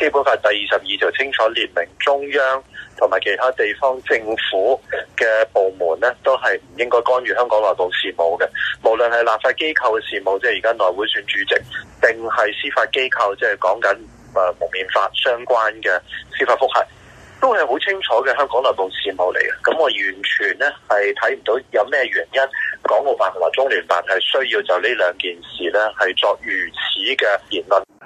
基本法第二十二條清楚列明中央同埋其他地方政府嘅部門咧，都係唔應該干預香港內部事務嘅。無論係立法機構嘅事務，即係而家內會選主席，定係司法機構，即係講緊誒蒙面法相關嘅司法覆核，都係好清楚嘅香港內部事務嚟嘅。咁我完全咧係睇唔到有咩原因，港澳辦同埋中聯辦係需要就呢兩件事咧係作如此嘅言論。